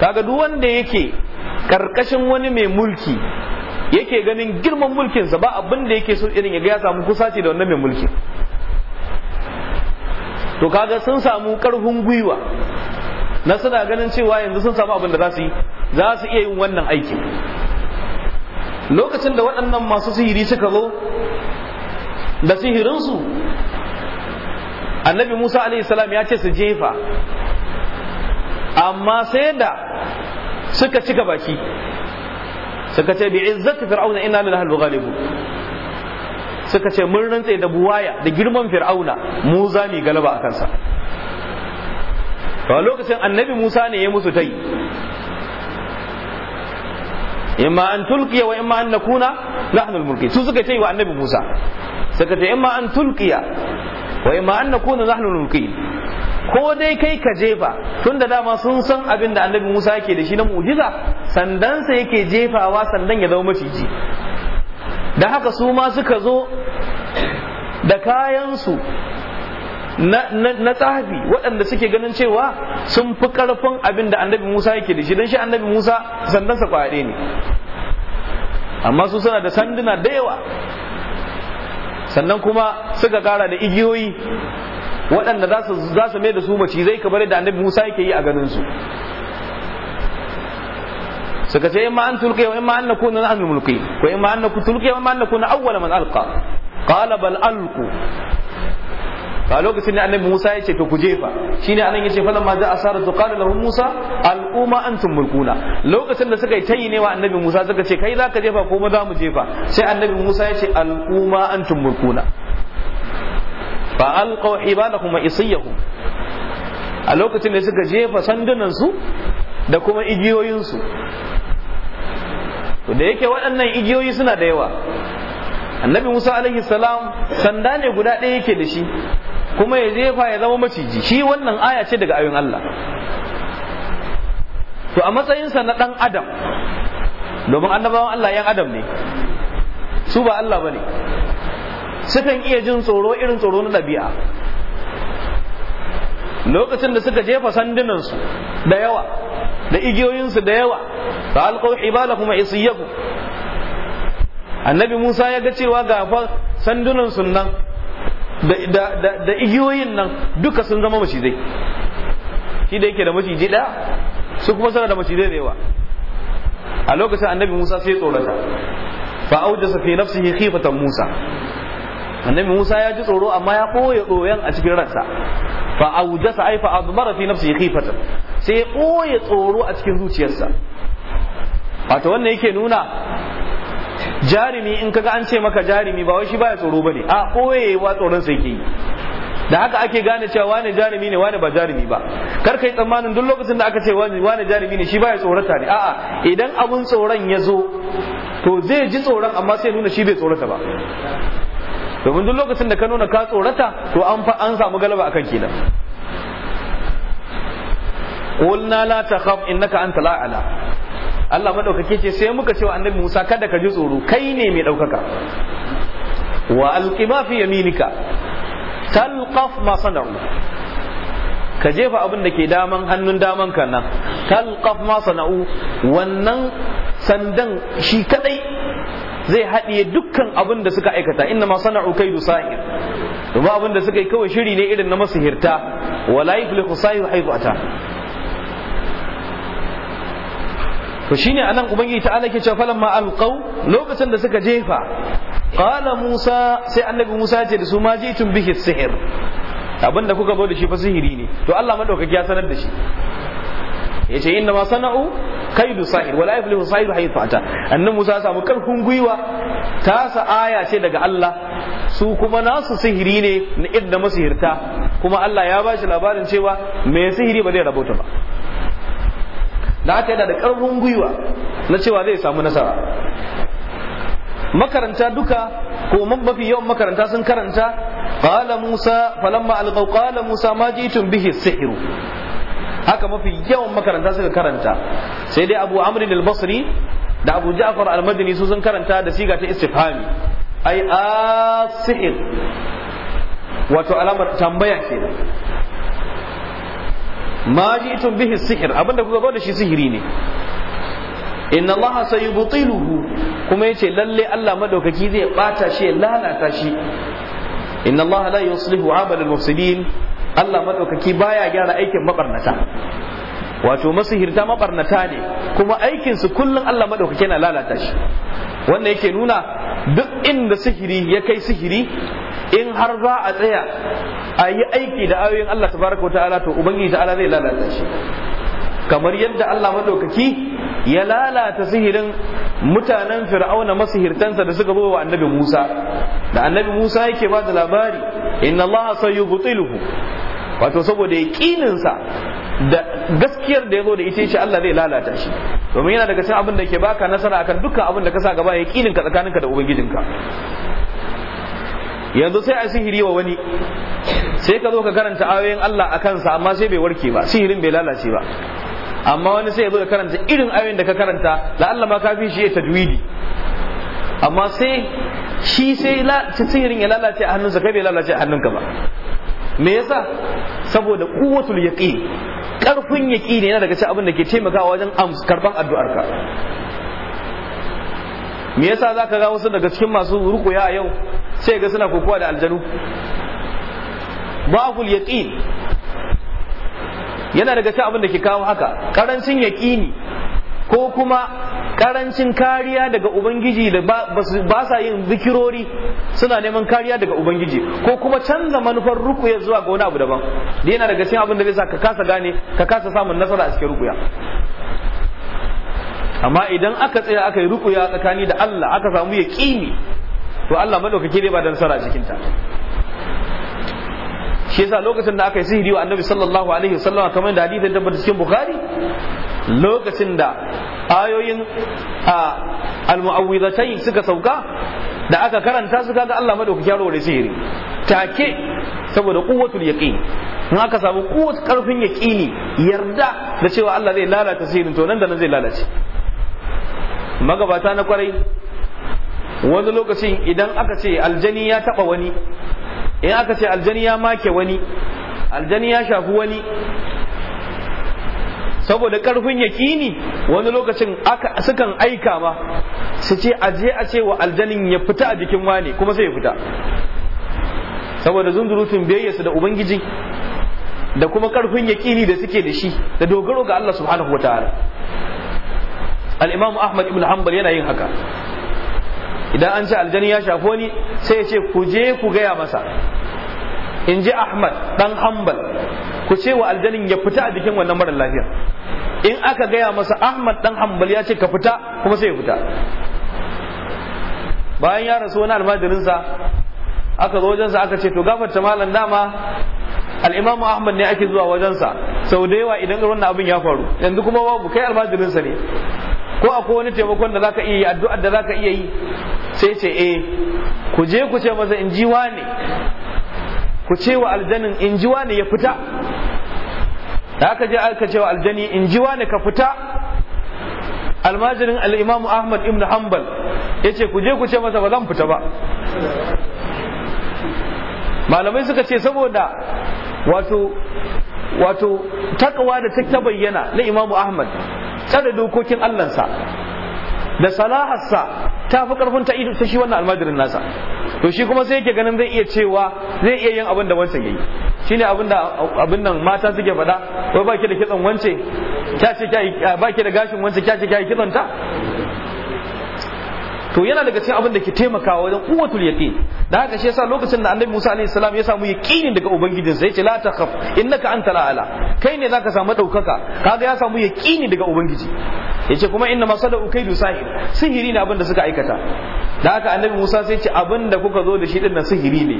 kaga duk wanda yake karkashin wani mai mulki yake ganin girman mulkinsa ba abin da yake so irin ya ga ya samu kusaci da wannan mai mulki to kaga sun samu karfin gwiwa na suna ganin cewa yanzu sun samu abin da za su yi za su iya yin wannan aiki lokacin da waɗannan masu sihiri suka zo da sihirinsu annabi musa salam ya ce su jefa amma sai da suka cika baki suka ce bi izzati fir'auna inna lillahi ghalibun suka ce mun rantse da buwaya da girman fir'auna mu za mu galaba a kansa to lokacin annabi Musa ne ya musu tai imma an tulqiya wa imma an nakuna nahnu al-mulki su suka ce wa annabi Musa suka ce imma an tulqiya wa imma an nakuna nahnu al-mulki ko dai kai ka jefa tun da dama sun san abin da annabi Musa yake da shi na mu'jiza sandansa yake jefawa sandan ya zama maciji da haka su ma suka zo da kayansu na tsafi waɗanda suke ganin cewa sun fi ƙarfin abin da annabi Musa yake da shi don shi annabi Musa sandansa kwaɗe ne amma su suna da sanduna da yawa sannan kuma suka ƙara da igiyoyi waɗanda za su mai da su macizai kamar da annabi Musa yake yi a ganin su suka ce imma an tulqiya wa imma an nakuna nahnu mulki wa imma an nakuna tulqiya wa imma an nakuna awwala man alqa qala bal alqu a lokacin da annabi Musa ya ce to ku jefa shine anan yace fa lamma ja asaratu qala lahu Musa al'umma antum mulkuna lokacin da suka yi tayi ne wa annabi Musa suka ce kai zaka jefa ko mu za mu jefa sai annabi Musa ya ce al'umma antum mulkuna fa alqaw hibalahum wa isiyahum a lokacin da suka jefa sandunan su da kuma igiyoyin su to da yake waɗannan igiyoyi suna da yawa annabi Musa alaihi salam sanda ne guda ɗaya yake da shi kuma ya jefa ya zama maciji shi wannan aya ce daga ayoyin Allah to a matsayinsa na ɗan adam domin annabawan Allah yan adam ne su ba Allah ba ne sukan iya jin tsoro irin tsoro na ɗabi'a lokacin da suka jefa sandunansu da yawa da igiyoyinsu da yawa fa alqaw hibalakum kuma isiyakum annabi Musa ya ga cewa ga fa nan da igiyoyin nan duka sun zama macizai shi da yake da maciji ɗaya su kuma suna da macizai da yawa a lokacin annabi Musa sai tsorata fa aujasa fi nafsihi khifatan Musa annabi Musa ya ji tsoro amma ya koya tsoyon a cikin ransa fa aujasa ai fa azmara fi nafsi khifata sai ya koya tsoro a cikin zuciyarsa wato wannan yake nuna jarumi in kaga an ce maka jarumi ba wai shi baya tsoro bane a wa tsoron sai yake yi da haka ake gane cewa wane jarumi ne wane ba jarumi ba kar kai tsammanin duk lokacin da aka ce wane jarumi ne shi baya tsorata ne a'a idan abun tsoron ya zo to zai ji tsoron amma sai nuna shi bai tsorata ba domin duk lokacin da ka nuna ka tsorata to an fa an samu galaba akan kenan qulna la takhaf innaka anta a'la Allah madaukake ce sai muka ce annabi Musa kada ka ji tsoro kai ne mai daukaka wa alqima fi yaminika talqaf ma sana'u ka jefa abin da ke daman hannun daman ka nan talqaf ma sana'u wannan sandan shi kadai zai haɗiye dukkan abin da suka aikata inna ma sana'u kaidu sahir domin abin da suka yi kawai shiri ne irin na masihirta wala yuflihu sahir haythu ata to shine anan ubangiji ta'ala ke cewa falamma alqaw lokacin da suka jefa qala musa sai annabi musa ce da su ma jitum bihi sihir abin da kuka zo da shi fa sihiri ne to Allah madaukaki ya sanar da shi yace inna ma sana'u kaidu sahir wala yuflihu sahir haythu ata annabi Musa ya samu karfin gwiwa ta sa aya ce daga Allah su kuma nasu sihiri ne na idda masihirta kuma Allah ya bashi labarin cewa mai sihiri ba zai rabota ba da aka yana da karfin gwiwa na cewa zai samu nasara makaranta duka ko mafi yawan makaranta sun karanta qala musa falamma alqaw qala musa ma jitum bihi sihiru. haka mafi yawan makaranta suka karanta sai dai abu amrin al-basri da abu ja'far al-madini su sun karanta da siga ta istifhami ai asihir wato alamar tambaya kenan ma ji'tum bihi sihir abinda kuka zo da shi sihiri ne inna allaha sayubtiluhu kuma yace lalle Allah madaukaki zai bata shi lalata shi inna allaha la yuslihu amal al-mufsidin Allah maɗaukaki baya gyara aikin mabarnata wato masihirta maɓarnata ne kuma aikinsu kullum Allah maɗaukaki yana lalata shi wannan yake nuna duk inda sihiri ya kai sihiri in har za a tsaya a yi aiki da ayoyin Allah tabaraka ta'ala to ubangiji ta'ala zai lalata shi kamar yadda Allah maɗaukaki. ya lalata sihirin mutanen fir'auna masihirtansa da suka bawa annabi Musa da annabi Musa yake ba da labari inna Allah sayubtiluhu wato saboda yaqinin sa da gaskiyar da yazo da ita shi Allah zai lalata shi domin yana daga cikin abin da ke baka nasara akan dukkan abin da ka sa gaba yaqinin ka tsakaninka da ubangijinka yanzu sai a sihiri wa wani sai ka zo ka karanta ayoyin Allah a kansa amma sai bai warke ba sihirin bai lalace ba amma wani sai ya zo ya karanta irin ayoyin da ka karanta la Allah ma kafi shi ya tadwidi amma sai shi sai sihirin ya lalace a hannunsa kai bai lalace a hannunka ba me yasa saboda quwwatul yaqin karfin yaqini yana daga cikin abin da ke taimakawa wajen karban addu'arka me yasa zaka ga wasu daga cikin masu rukuya a yau sai ga suna kokowa da aljanu ba'ul yaqin yana daga cikin abin da ke kawo haka karancin yaƙini ko kuma karancin kariya daga ubangiji da ba sa yin zikirori suna neman kariya daga ubangiji ko kuma canza manufar rukuya zuwa ga wani abu daban da yana daga cikin abin da zai sa ka kasa gane ka kasa samun nasara a cikin rukuya amma idan aka tsaya aka yi rukuya tsakani da Allah aka samu yaqini to Allah madaukake ne ba da nasara a cikin ta shi yasa lokacin da aka yi sihiri wa annabi sallallahu alaihi wasallam kamar da hadithin da cikin bukhari lokacin da ayoyin a muawwidhatayn suka sauka da aka karanta su kaga Allah madaukaki ya da sihiri take saboda quwwatul yaqin in aka samu quwwat karfin yaqini yarda da cewa Allah zai lalata sihirin to nan da nan zai lalace magabata na kwarai wani lokacin idan aka ce aljani ya taba wani in aka ce aljani ya make wani aljani ya shafi wani saboda karfin yakini wani lokacin sukan aika ma su ce aje a ce wa aljanin ya fita a jikin wani kuma sai ya fita saboda zunzurutun biyayyarsu da ubangiji da kuma karfin yaƙini da suke da shi da dogaro ga Allah subhanahu wa ta'ala al-imam Ahmad ibn Hanbal yana yin haka idan an ce aljani ya shafo ni sai ya ce ku je ku gaya masa in ji ahmad dan hanbal ku ce wa aljanin ya fita a jikin wannan mara lafiya in aka gaya masa ahmad dan hanbal ya ce ka fita kuma sai ya fita bayan ya rasu wani almajirinsa aka zo wajensa aka ce to gafarta malam dama al-imam ahmad ne ake zuwa wajensa sau da yawa idan wannan abin ya faru yanzu kuma babu kai almajirinsa ne ko akwai wani taimakon da zaka iya yi addu'ar da zaka iya yi sai ce eh ku je ku ce masa in ji wane ku ce wa aljanin in ji wane ya fita da aka je aka ce wa aljani in ji wane ka fita almajirin al'imamu ahmad ibn hanbal ya ce ku je ku ce masa ba zan fita ba malamai suka ce saboda wato wato takawa da ta bayyana na imamu ahmad da dokokin Allahnsa da salaharsa ta fi karfin ta ido ta shi wannan almajirin nasa to shi kuma sai yake ganin zai iya cewa zai iya yin abin da wancan yayi shine abin da abin nan mata suke faɗa wai baki da kitson wance kya ce baki da gashin wance kya ce kya kitson ta to yana daga cikin abin da ke taimakawa wajen quwwatul yaqin da haka shi yasa lokacin da annabi Musa alaihi salam ya samu yaqinin daga ubangijinsa yace la takhaf innaka antal a'la kai ne zaka samu daukaka kaga ya samu yaqini daga ubangiji yace kuma inna masada ukaidu sahir sihiri ne abin da suka aikata da haka annabi Musa sai ce abin da kuka zo da shi din nan sihiri ne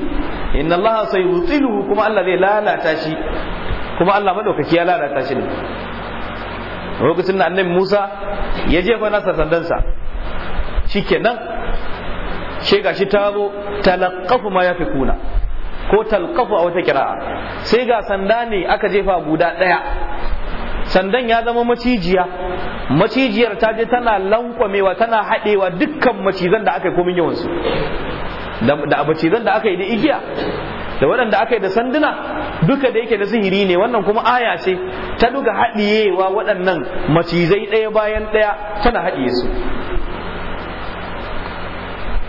inna allaha sayutiluhu kuma Allah zai lalata shi kuma Allah madaukaki ya lalata shi ne lokacin da annabi Musa ya jefa nasa sandansa shikenan she gashi ta zo talaqafu ma yafikuna ko talqafu a wata kira'a sai ga sanda ne aka jefa guda daya sandan ya zama macijiya macijiyar ta je tana lankwamewa tana haɗewa dukkan macizan da aka yi komin yawansu da macizan da aka yi da igiya da waɗanda aka yi da sanduna duka da yake da sihiri ne wannan kuma aya ce ta duka haɗiyewa waɗannan macizai ɗaya bayan ɗaya tana haɗiye su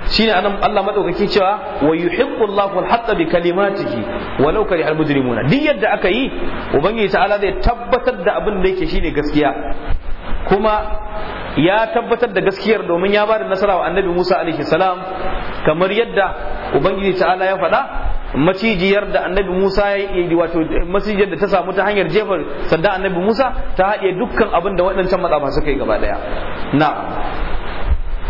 shine anan Allah madaukaki cewa wa yuhibbu Allahu al-haqqa bi kalimatihi walau kari al-mujrimuna duk yadda aka yi ubangiji ta'ala zai tabbatar da abin da yake shine gaskiya kuma ya tabbatar da gaskiyar domin ya bada nasara wa annabi Musa alaihi salam kamar yadda ubangiji ta'ala ya faɗa macijiyar da annabi Musa ya yi wato macijiyar da ta samu ta hanyar jefar sanda annabi Musa ta haɗe dukkan abin da waɗancan matsafa suka yi gaba ɗaya na'am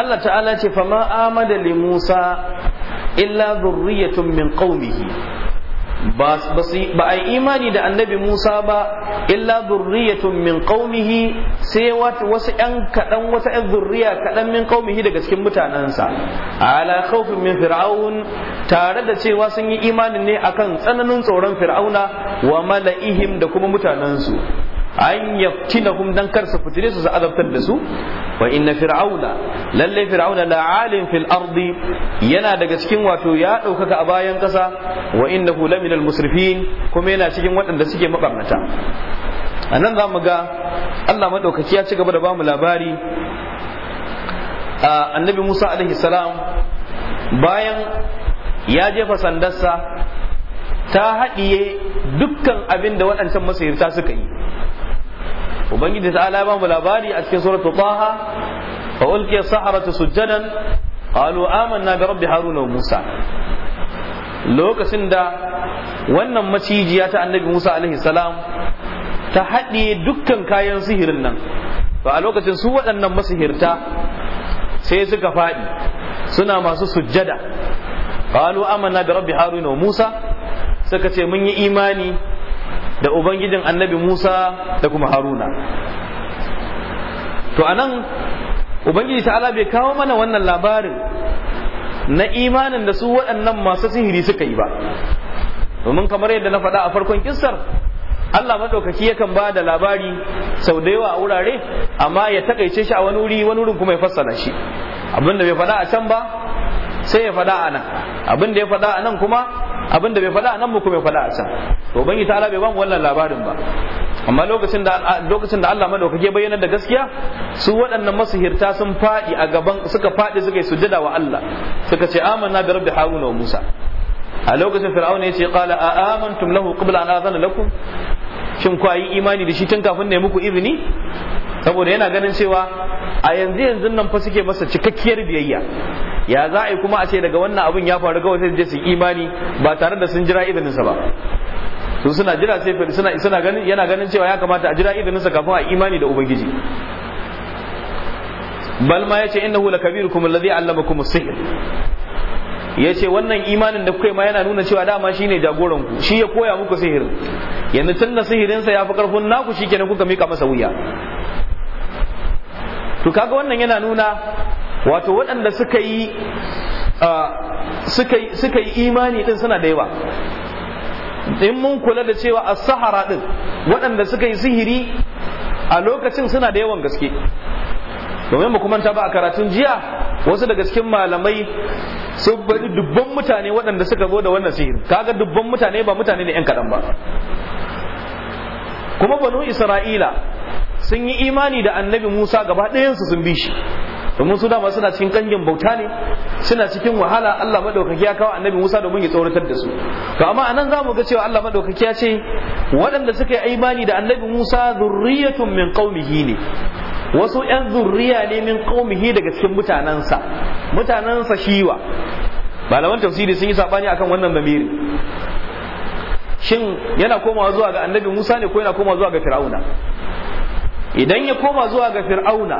Allah ta'ala ce ma amada li Musa illa dhurriyyatun min qaumihi ba a imani da annabi Musa ba illa dhurriyyatun min qaumihi sai wasu ‘yan kaɗan wata ‘yan zurriya kaɗan min qaumihi daga cikin mutanansa. ala khawfin min fir'aun tare da cewa sun yi imani ne akan tsananin tsoron fir'auna wa mala'ihim da kuma mutanensu an yaftinahum dan kar su fitire su su azabtar da su wa inna fir'auna lalle fir'auna la'alim fil ardi yana daga cikin wato ya ɗaukaka a bayan ƙasa wa innahu laminal musrifin kuma yana cikin waɗanda suke mabarnata a nan za mu ga Allah maɗaukaki ya ci gaba da bamu labari annabi Musa alaihi salam bayan ya jefa sandarsa ta haɗiye dukkan abin da waɗancan masayarta suka yi ubangiji ta'ala bamu labari a cikin suratul taha fa ulqiya saharatu sujjadan qalu amanna bi rabbi haruna wa musa lokacin da wannan macijiya ta annabi musa alaihi salam ta haɗe dukkan kayan sihirin nan to a lokacin su waɗannan masihirta sai suka faɗi suna masu sujjada qalu amanna bi rabbi haruna wa musa suka ce mun yi imani da ubangijin annabi Musa da kuma Haruna to anan ubangiji ta'ala bai kawo mana wannan labarin na imanin da su waɗannan masu sihiri suka yi ba domin kamar yadda na faɗa a farkon kissar Allah madaukaki yakan ba da labari sau da yawa a wurare amma ya takaice shi a wani wuri wani wurin kuma ya fassara shi abinda bai faɗa a can ba sai ya faɗa a nan abinda ya faɗa a nan kuma abin da bai faɗa a nan mu kuma bai faɗa a can to ubangi ta Allah bai ba mu wannan labarin ba amma lokacin da lokacin da Allah madaukake bayyana da gaskiya su waɗannan masihirta sun faɗi a gaban suka faɗi suka yi sujjada wa Allah suka ce amanna bi rabbi haruna wa musa a lokacin Fir'auna ya ce qala a amantum lahu qabla an azana lakum shin ku yi imani da shi tun kafin ne muku izini saboda yana ganin cewa a yanzu yanzu nan fa suke masa cikakkiyar biyayya ya za a yi kuma a ce daga wannan abin ya faru kawai sai je su imani ba tare da sun jira izininsa ba su suna jira sai suna suna ganin yana ganin cewa ya kamata a jira izininsa kafin a imani da ubangiji bal ma yace innahu lakabirukum alladhi allamakum as-sihr ya wannan imanin da kuka ma yana nuna cewa dama shi ne ku shi ya koya muku sihirin yanzu tun da sihirinsa ya fi karfin naku shi kenan kuka mika masa wuya to kaga wannan yana nuna wato waɗanda suka yi suka yi imani din suna da yawa in mun kula da cewa a sahara din waɗanda suka yi sihiri a lokacin suna da yawan gaske domin ba kuma ba a karatun jiya wasu daga cikin malamai sun bari dubban mutane waɗanda suka zo da wannan sihiri kaga dubban mutane ba mutane da 'yan kaɗan ba kuma banu isra'ila sun yi imani da annabi Musa gaba ɗayansu sun bi shi domin su dama suna cikin kangin bauta ne suna cikin wahala Allah madaukaki ya kawo annabi Musa domin ya tsoratar da su to amma anan zamu ga cewa Allah madaukaki ya ce waɗanda suka yi imani da annabi Musa zurriyatun min qaumihi ne wasu ƴan zurriya ne min qaumihi daga cikin mutanansa mutanansa shiwa malaman tafsiri sun yi sabani akan wannan bamiri shin yana komawa zuwa ga annabi Musa ne ko yana komawa zuwa ga Fir'auna idan ya koma zuwa ga fir'auna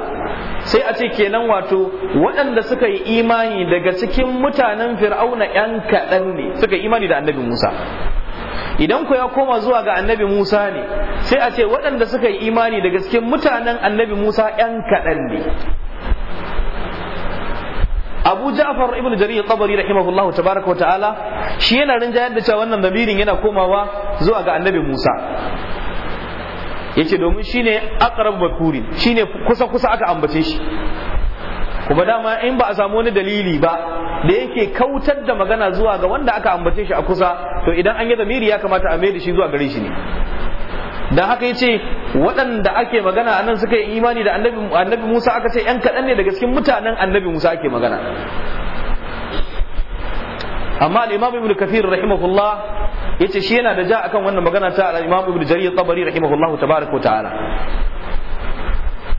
sai a ce kenan wato waɗanda suka yi imani daga cikin mutanen fir'auna 'yan kaɗan ne suka yi imani da annabi musa idan ku ya koma zuwa ga annabi Musa ne sai a ce waɗanda suka yi imani daga cikin mutanen annabi Musa ‘yan kaɗan ne Abu Ja'far ibn Jarir Tabari rahimahullahu tabaraka wa ta'ala shi yana rinjayar da cewa wannan lamirin yana komawa zuwa ga annabi Musa yace domin shine aqrab shi shine kusa kusa aka ambace shi kuma dama in ba a samu wani dalili ba da yake kautar da magana zuwa ga wanda aka ambace shi a kusa to idan an yi zamiri ya kamata a da shi zuwa gare shi ne da haka yace waɗanda ake magana a suka yi imani da annabi Musa aka ce ‘yan kaɗan ne daga cikin mutanen annabi Musa ake magana amma al-imam ibn kathir rahimahullah yace shi yana da ja akan wannan magana ta al-imam ibn jarir tabari rahimahullah tabaraka ta'ala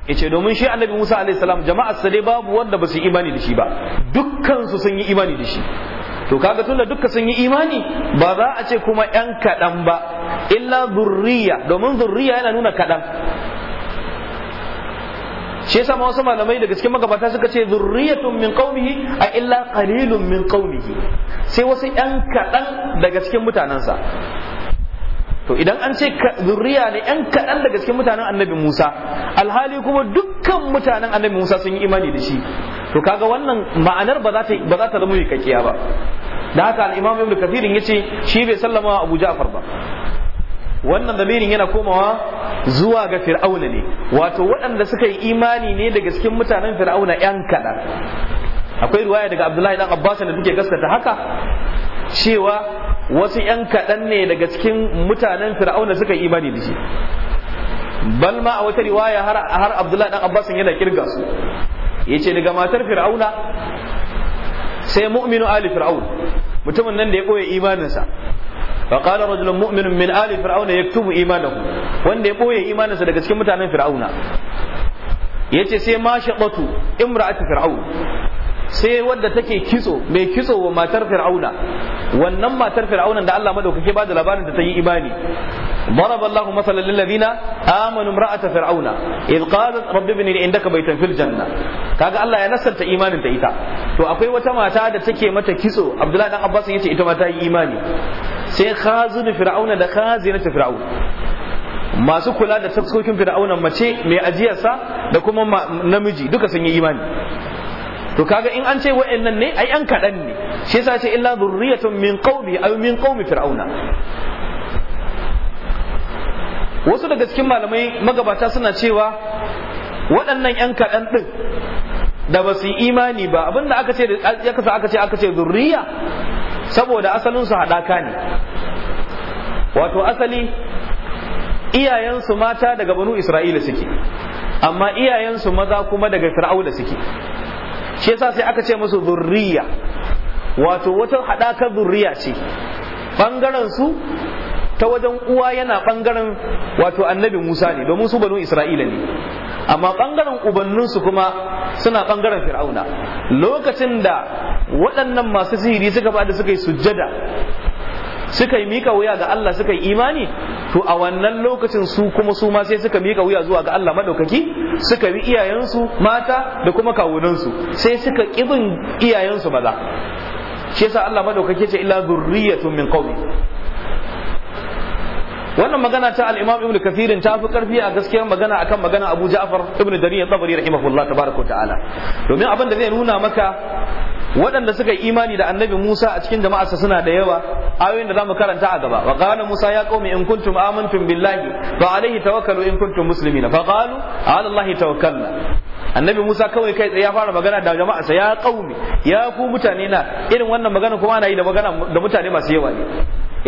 yace domin shi annabi Musa alaihi salam jama'a sa dai babu wanda ba su imani da shi ba dukkan su sun yi imani da shi to kaga tunda dukka sun yi imani ba za a ce kuma yan kaɗan ba illa zurriya domin zurriya yana nuna kaɗan shi yasa wasu malamai daga cikin magabata suka ce zurriyatun min qaumihi a illa qalilun min qaumihi sai wasu yan kaɗan daga cikin mutanensa to idan an ce zurriya ne yan kaɗan daga cikin mutanen annabi Musa alhali kuma dukkan mutanen annabi Musa sun yi imani da shi to kaga wannan ma'anar ba za ta ba za ta zama ba da haka al-Imam Ibn Kathir yace shi bai sallama Abu Ja'far ba wannan lamirin yana komawa zuwa ga fir'auna ne wato waɗanda suka yi imani ne daga cikin mutanen fir'auna yan kaɗan akwai ruwaya daga abdullahi dan abbas da duke gaskata haka cewa wasu yan kaɗan ne daga cikin mutanen fir'auna suka yi imani da shi bal ma a wata riwaya har abdullahi dan abbas yana kirga su yace daga matar fir'auna sai mu'minu ali fir'aun mutumin nan da ya koya imaninsa fa qala rajulun mu'minun min ali fir'auna yaktubu imanahu wanda ya boye imaninsa daga cikin mutanen fir'auna yace sai ma shaqatu sai wadda take kitso mai kitso wa matar fir'auna wannan matar fir'aunan da Allah madaukake ba da labarin da ta yi imani ضرب الله مثلا للذين امنوا امراه فرعون اذ قالت رب ابن لي عندك بيتا في الجنه kaga Allah ya nasarta imanin ta ita to akwai wata mata da take mata kitso Abdullahi dan Abbas yace ita ma ta yi imani sai khazinu fir'auna da khazinatu fir'auna masu kula da taskokin fir'auna mace mai ajiyarsa da kuma namiji duka sun yi imani to kaga in an ce wa'annan ne ai an kaɗan ne shi yasa ce illa zurriyatun min qaumi aw min qaumi fir'auna wasu daga cikin malamai magabata suna cewa waɗannan yan kaɗan ɗin da ba su yi imani ba abinda aka ce aka ce aka ce zurriya saboda asalinsu haɗaka ne wato asali iyayensu mata daga banu isra'ila suke amma iyayensu maza kuma daga fir'auna suke shi yasa sai aka ce musu zurriya wato wata haɗakar zurriya ce ɓangaren su ta wajen uwa yana ɓangaren wato annabi musa ne domin su banu isra'ila ne amma bangaren ubanninsu kuma suna bangaren fir'auna lokacin da waɗannan masu sihiri suka bada suka yi sujjada suka yi mika wuya ga Allah suka yi imani to a wannan lokacin su kuma su ma sai suka mika wuya zuwa ga Allah madaukaki suka bi iyayensu mata da kuma kawunansu sai suka kibin iyayensu maza shi yasa Allah madaukaki ce illa zurriyatun min qawmi wannan magana ta al-imam ibnu kathirin ta fi karfi a gaskiyar magana akan magana abu ja'far ibnu jarir tabari rahimahullah tabaraka ta'ala domin abin da zai nuna maka waɗanda suka yi imani da annabi Musa a cikin jama'arsa suna da yawa ayoyin da zamu karanta a gaba wa qala Musa ya qaumi in kuntum amantum billahi fa alayhi tawakkalu in kuntum muslimin fa qalu ala Allah tawakkalna annabi Musa kawai kai tsaye ya fara magana da jama'arsa ya qaumi ya ku mutane na irin wannan magana kuma ana yi da magana da mutane masu yawa ne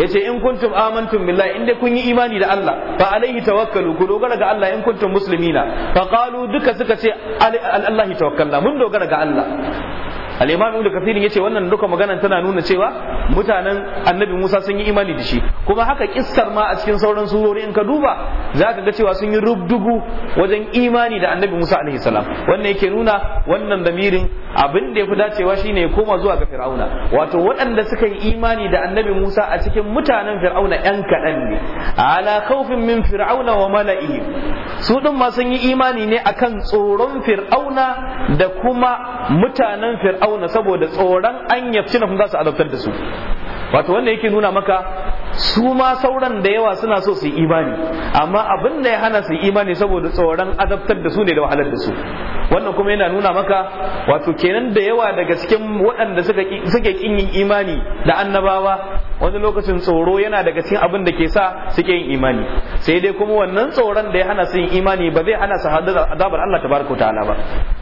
yace in kuntum amantum billahi in dai kun yi imani da Allah fa alaihi tawakkalu ku dogara ga Allah in kuntum muslimina fa qalu duka suka ce alallahi tawakkalna mun dogara ga Allah al-imam ibnu kathir yace wannan duka maganan tana nuna cewa mutanen annabi Musa sun yi imani da shi kuma haka kissar ma a cikin sauran surori in ka duba za ka ga cewa sun yi rubdugu wajen imani da annabi Musa alaihi salam wannan yake nuna wannan damirin abin da yafi dacewa shine ya koma zuwa ga fir'auna wato waɗanda suka yi imani da annabi Musa a cikin mutanen fir'auna yan kaɗan ne ala khawfin min fir'auna wa mala'ihi su din ma sun yi imani ne akan tsoron fir'auna da kuma mutanen fir'auna fir'auna saboda tsoron an yafci na za su azabtar da su wato wanda yake nuna maka su ma sauran da yawa suna so su yi imani amma abin da ya hana su yi imani saboda tsoron azabtar da su ne da wahalar da su wannan kuma yana nuna maka wato kenan da yawa daga cikin waɗanda suke kin yin imani da annabawa wani lokacin tsoro yana daga cikin abin da ke sa suke yin imani sai dai kuma wannan tsoron da ya hana su yin imani ba zai hana su hadu da azabar Allah tabaraka ta'ala ba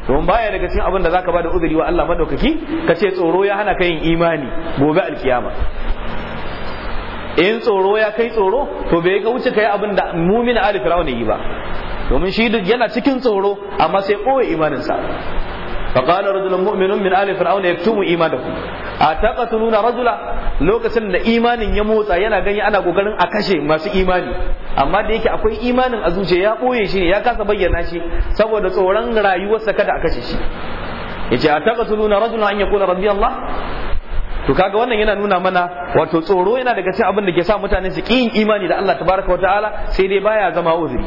don baya daga cikin abin da zaka da uzuri wa Allah madaukaki kace tsoro ya hana ka yin imani gobe alkiyama in tsoro ya kai tsoro to bai ga wuce kai abin da mumin ali firawuna yi ba domin shi yana cikin tsoro amma sai ɓoye imaninsa فقال رجل مؤمن من آل فرعون يكتم إيمانه أتقتلون رجلا lokacin da imanin ya motsa yana ganye ana kokarin a kashe masu imani amma da yake akwai imanin a zuciya ya ɓoye shi ne ya kasa bayyana shi saboda tsoron rayuwarsa kada a kashe shi yace a taqtuluna rajulan an yakuna rabbi Allah to kaga wannan yana nuna mana wato tsoro yana daga cikin abin da ke sa mutane su yin imani da Allah tabaraka ta'ala sai dai baya zama uzuri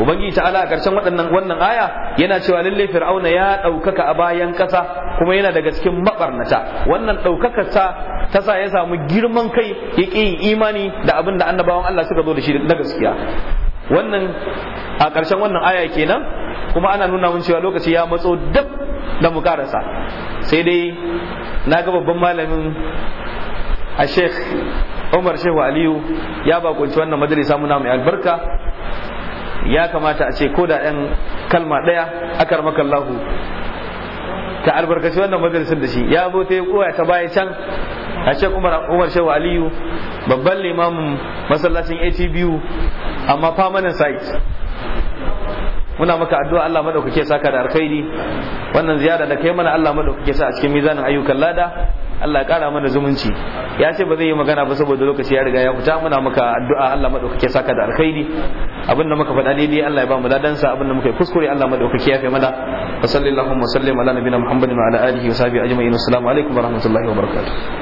ubangiji ta'ala a karshen waɗannan wannan aya yana cewa lalle fir'auna ya ɗaukaka a bayan ƙasa kuma yana daga cikin mabarnata wannan ɗaukakar ta ta sa ya samu girman kai ya kiyin imani da abin da annabawan Allah suka zo da shi na gaskiya wannan a ƙarshen wannan aya kenan kuma ana nuna mun cewa lokaci ya matso dab da mu karasa sai dai na ga babban malamin a sheikh umar shehu aliyu ya bakunci wannan majalisa muna mai albarka ya kamata a ce ko da yan kalma ɗaya akar makallahu ta albarkaci wannan majalisar da shi ya zo ta yi koya ta baya can a sheikh umar shehu aliyu babban limamin masallacin atbu amma permanent site muna maka addu'a Allah madaukake saka da alkhairi wannan ziyara da kai mana Allah madaukake sa a cikin mizanin ayyukan lada Allah ya kara mana zumunci ya ce ba zai yi magana ba saboda lokaci ya riga ya fita muna maka addu'a Allah madaukake saka da alkhairi abin da muka faɗa dai Allah ya ba mu dadan sa abin da muka yi kuskure Allah madaukake ya kai mana wa alaihi wa sallam ala nabiyina Muhammadin wa ala alihi wa sahbihi ajma'in assalamu alaikum wa rahmatullahi wa barakatuh